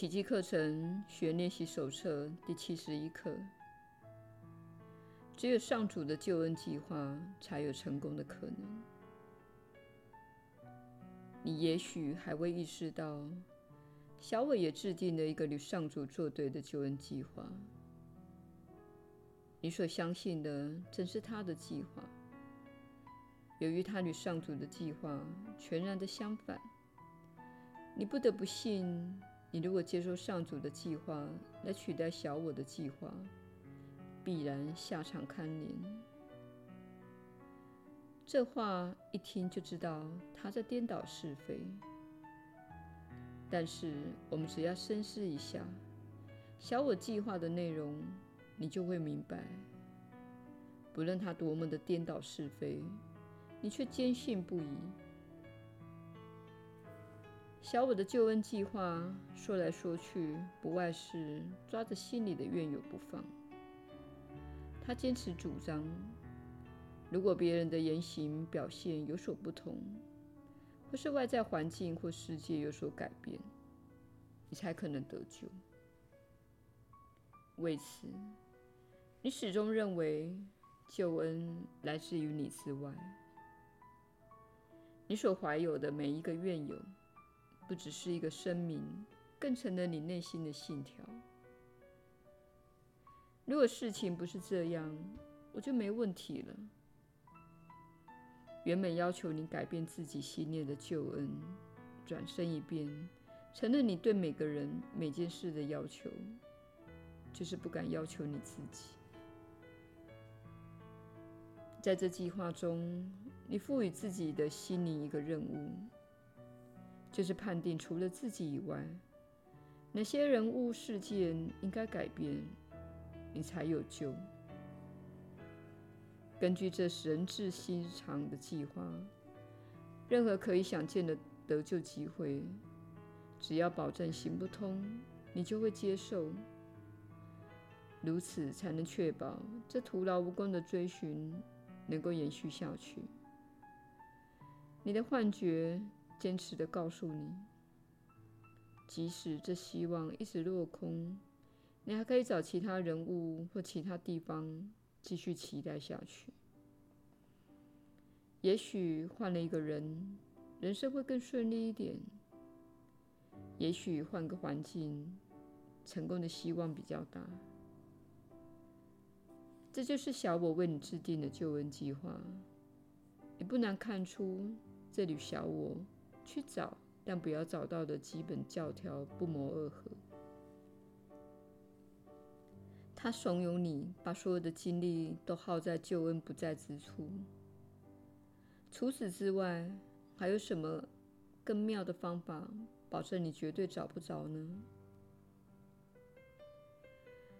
奇蹟課程學練習手冊第七十一課：只有上主的救恩計劃才有成功的可能。你也許還未意識到，小偉也制定了一個與上主作對的救恩計劃。你所相信的，正是他的計劃。由於他與上主的計劃全然的相反，你不得不信。你如果接受上主的計劃來取代小我的計劃，必然下場堪憐。這話一聽就知道他在顛倒是非，但是我們只要深思一下小我計劃的內容，你就會明白，不論他多麼的顛倒是非，你卻堅信不疑。小五的救恩計劃說來說去，不外是抓着心裡的怨友不放。他堅持主張，如果別人的言行表現有所不同，或是外在環境或世界有所改變，你才可能得救。為此，你始終認為救恩來自於你之外。你所懷有的每一個怨友，不只是一個聲明，更成了你內心的信條。如果事情不是這樣，我就沒問題了。原本要求你改變自己信念的救恩，轉身一變，成了你對每個人、每件事的要求，就是不敢要求你自己。在這計劃中，你賦予自己的心靈一個任務。就是判定除了自己以外，哪些人物事件應該改變，你才有救。根據這人智心長的計劃，任何可以想見的得救機會，只要保證行不通，你就會接受。如此才能確保這徒勞無功的追尋能夠延續下去。你的幻覺。堅持的告訴你，即使這希望一直落空，你還可以找其他人物或其他地方繼續期待下去。也許換了一個人，人生會更順利一點；也許換個環境，成功的希望比較大。這就是小我為你制定的救恩計劃。你不難看出，這裡小我。去找，但不要找到的基本教條不謀而合。他慫恿你把所有的精力都耗在救恩不在之處。除此之外，還有什麼更妙的方法保證你絕對找不着呢？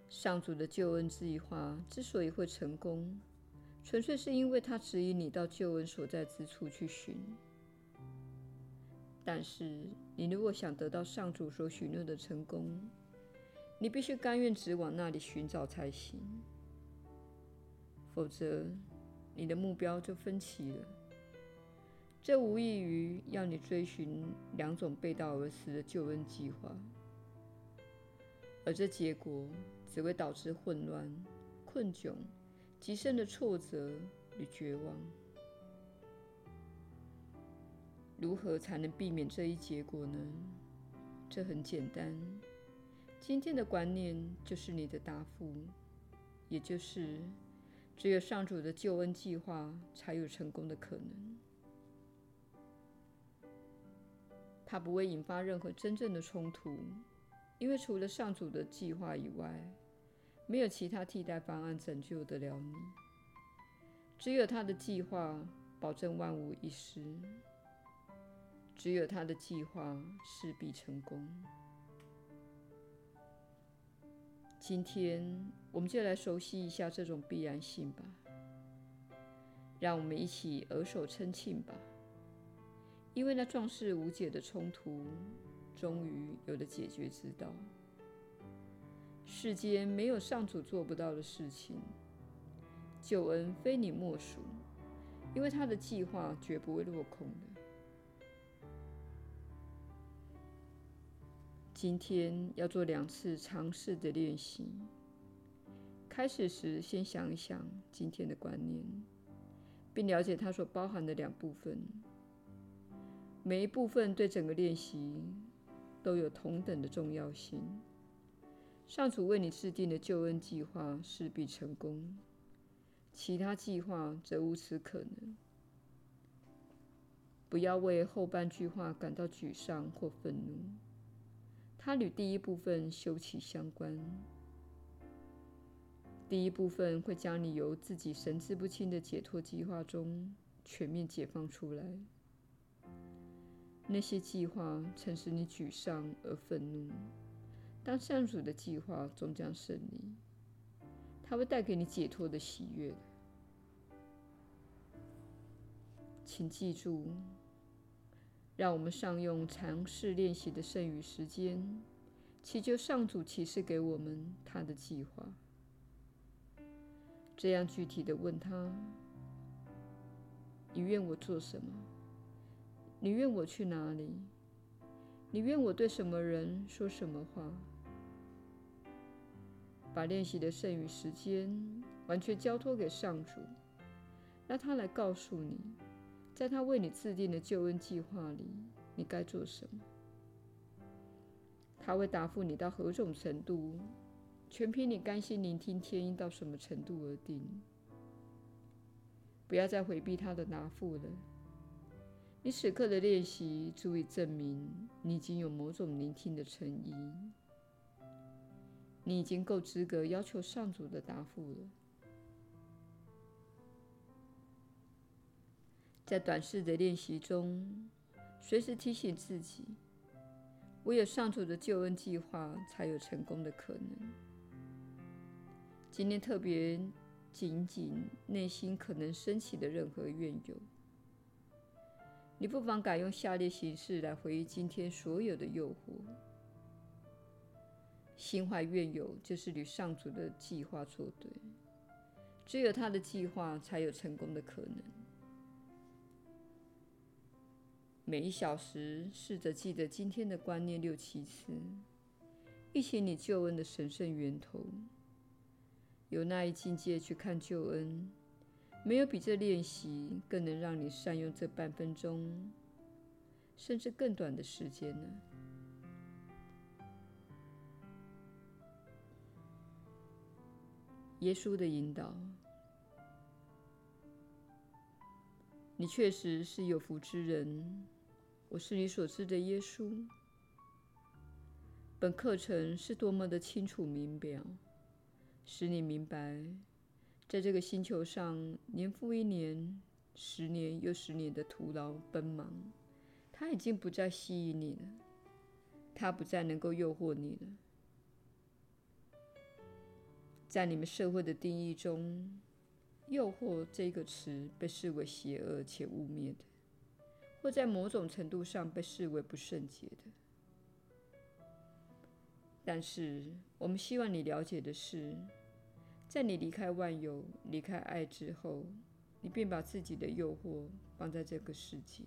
上主的救恩計畫之所以會成功，純粹是因為他指引你到救恩所在之處去尋。但是，你如果想得到上主所許諾的成功，你必須甘願只往那裡尋找才行。否則，你的目標就分歧了。這無異於要你追尋兩種背道而馳的救恩計劃，而這結果只會導致混亂、困窘、極深的挫折與絕望。如何才能避免這一結果呢？這很簡單。今天的觀念就是你的答復，也就是只有上主的救恩計劃才有成功的可能。他不會引發任何真正的衝突，因為除了上主的計劃以外，沒有其他替代方案拯救得了你。只有他的計劃保證萬無一失。只有他的計劃勢必成功。今天我們就來熟悉一下這種必然性吧。讓我們一起耳手稱慶吧，因為那壯士無解的衝突，終於有了解決之道。世間沒有上主做不到的事情，九恩非你莫屬，因為他的計劃絕不會落空的。今天要做兩次嘗試的練習。開始時，先想一想今天的觀念，並了解它所包含的兩部分。每一部分對整個練習都有同等的重要性。上主為你制定的救恩計劃勢必成功，其他計劃則無此可能。不要為後半句話感到沮喪或憤怒。它與第一部分休戚相關。第一部分會將你由自己神志不清的解脫計劃中全面解放出來。那些計劃曾使你沮喪而憤怒，但上主的計劃終將勝利，它會帶給你解脫的喜悅。請記住。讓我們善用嘗試練習的剩餘時間，祈求上主啟示給我們他的計劃。這樣具體地問他：你願我做什麼？你願我去哪裡？你願我對什麼人說什麼話？把練習的剩餘時間完全交托給上主，讓他來告訴你。在他為你制定的救恩計劃裡，你該做什麼？他會答覆你到何種程度，全憑你甘心聆聽天音到什麼程度而定。不要再迴避他的答覆了。你此刻的練習足以證明你已經有某種聆聽的誠意，你已經夠資格要求上主的答覆了。在短時的練習中，隨時提醒自己：唯有上主的救恩計劃，才有成功的可能。今天特別緊緊內心可能升起的任何怨尤，你不妨改用下列形式來回憶今天所有的誘惑。心懷怨尤，就是與上主的計劃作對，只有他的計劃，才有成功的可能。每一小時，試着記得今天的觀念六七次，憶起你救恩的神聖源頭。由那一境界去看救恩，沒有比這練習更能讓你善用這半分鐘，甚至更短的時間了啊。耶穌的引導，你確實是有福之人。我是你所知的耶穌。本課程是多麼的清楚明了，使你明白，在這個星球上，年復一年、十年又十年的徒勞奔忙，他已經不再吸引你了，他不再能夠誘惑你了。在你們社會的定義中，“誘惑”這個詞被視為邪惡且污蔑的。或在某種程度上被視為不聖潔的。但是，我們希望你了解的是，在你離開萬有、離開愛之後，你便把自己的誘惑放在這個世界。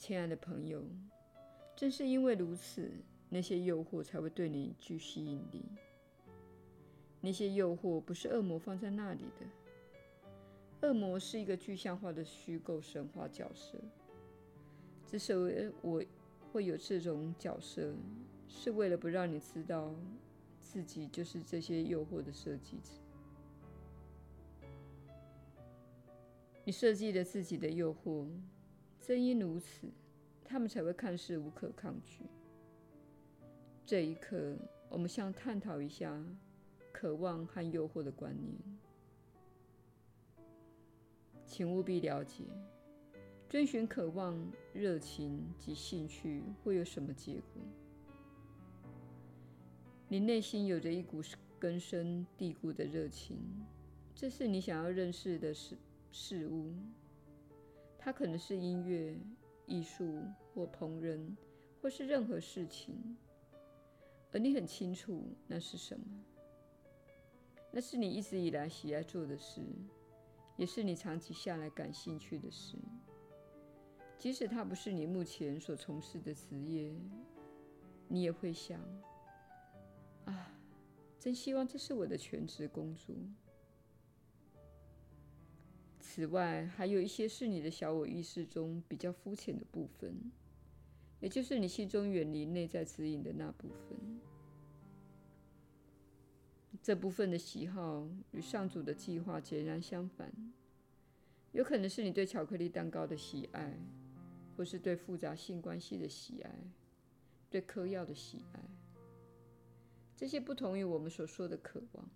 親愛的朋友，正是因為如此，那些誘惑才會對你具吸引力。那些誘惑不是惡魔放在那裡的。惡魔是一個具象化的虛構神話角色。之所以我，我會有這種角色，是為了不讓你知道自己就是這些誘惑的設計者。你設計了自己的誘惑，正因如此，他們才會看似無可抗拒。這一刻，我們想探討一下渴望和誘惑的觀念。請務必了解，遵循渴望、熱情及興趣會有什麼結果？你內心有着一股根深蒂固的熱情，這是你想要認識的事事物。它可能是音樂、藝術或烹飪，或是任何事情，而你很清楚那是什麼。那是你一直以來喜愛做的事。也是你長期下來感興趣的事，即使它不是你目前所從事的職業，你也會想：啊，真希望這是我的全職工作。此外，還有一些是你的小我意識中比較膚淺的部分，也就是你心中遠離內在指引的那部分。這部分的喜好與上主的計劃截然相反，有可能是你對巧克力蛋糕的喜愛，或是對複雜性關係的喜愛，對嗑藥的喜愛。這些不同於我們所說的渴望。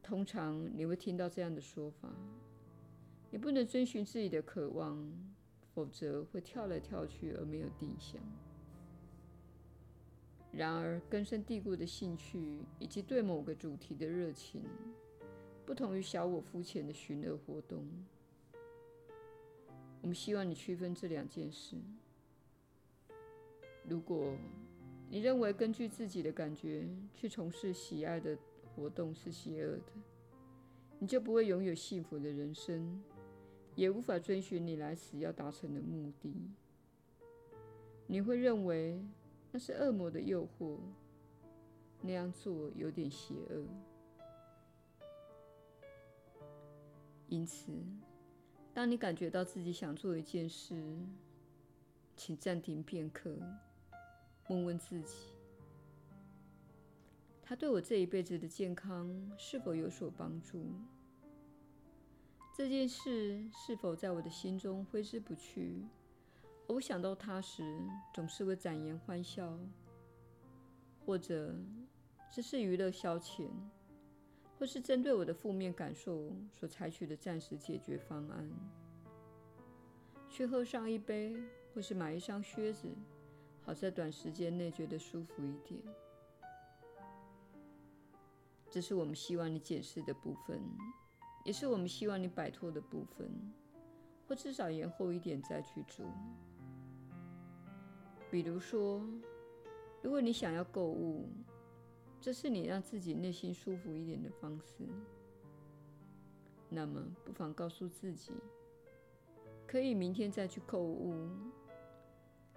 通常你會聽到這樣的說法：你不能遵循自己的渴望，否則會跳來跳去而沒有定向。然而，根深蒂固的興趣以及對某個主題的熱情，不同於小我膚淺的尋惡活動。我們希望你區分這兩件事。如果你認為根據自己的感覺去從事喜愛的活動是邪惡的，你就不會擁有幸福的人生，也無法遵循你來此要達成的目的。你會認為，那是惡魔的誘惑，那樣做有點邪惡。因此，當你感覺到自己想做一件事，請暫停片刻，問問自己：它對我這一輩子的健康是否有所幫助？這件事是否在我的心中揮之不去？我想到他時，總是會展顏歡笑，或者只是娛樂消遣，或是針對我的負面感受所採取的暫時解決方案，去喝上一杯，或是買一雙靴子，好在短時間內覺得舒服一點。這是我們希望你解釋的部分，也是我們希望你擺脫的部分，或至少延後一點再去做。比如說，如果你想要購物，這是你讓自己內心舒服一點的方式。那麼，不妨告訴自己，可以明天再去購物。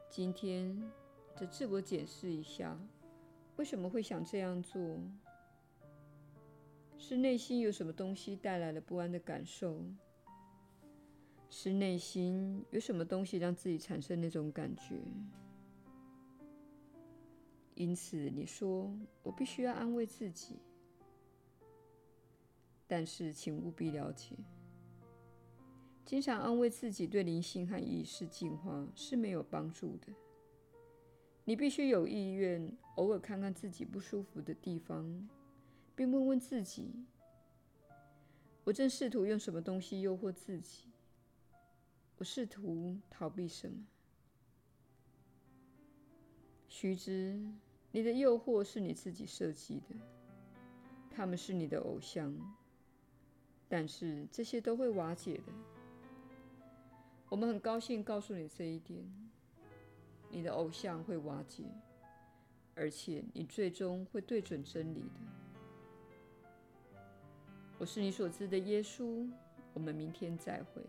今天，這次我解釋一下，為什麼會想這樣做，是內心有什麼東西帶來了不安的感受，是內心有什麼東西讓自己產生那種感覺。因此，你說我必須要安慰自己，但是請務必了解，經常安慰自己對靈性和意識進化是沒有幫助的。你必須有意願，偶爾看看自己不舒服的地方，並問問自己：我正試圖用什麼東西誘惑自己？我試圖逃避什麼？須知。你的誘惑是你自己設計的，他們是你的偶像，但是這些都會瓦解的。我們很高興告訴你這一點，你的偶像會瓦解，而且你最終會對準真理的。我是你所知的耶穌，我們明天再會。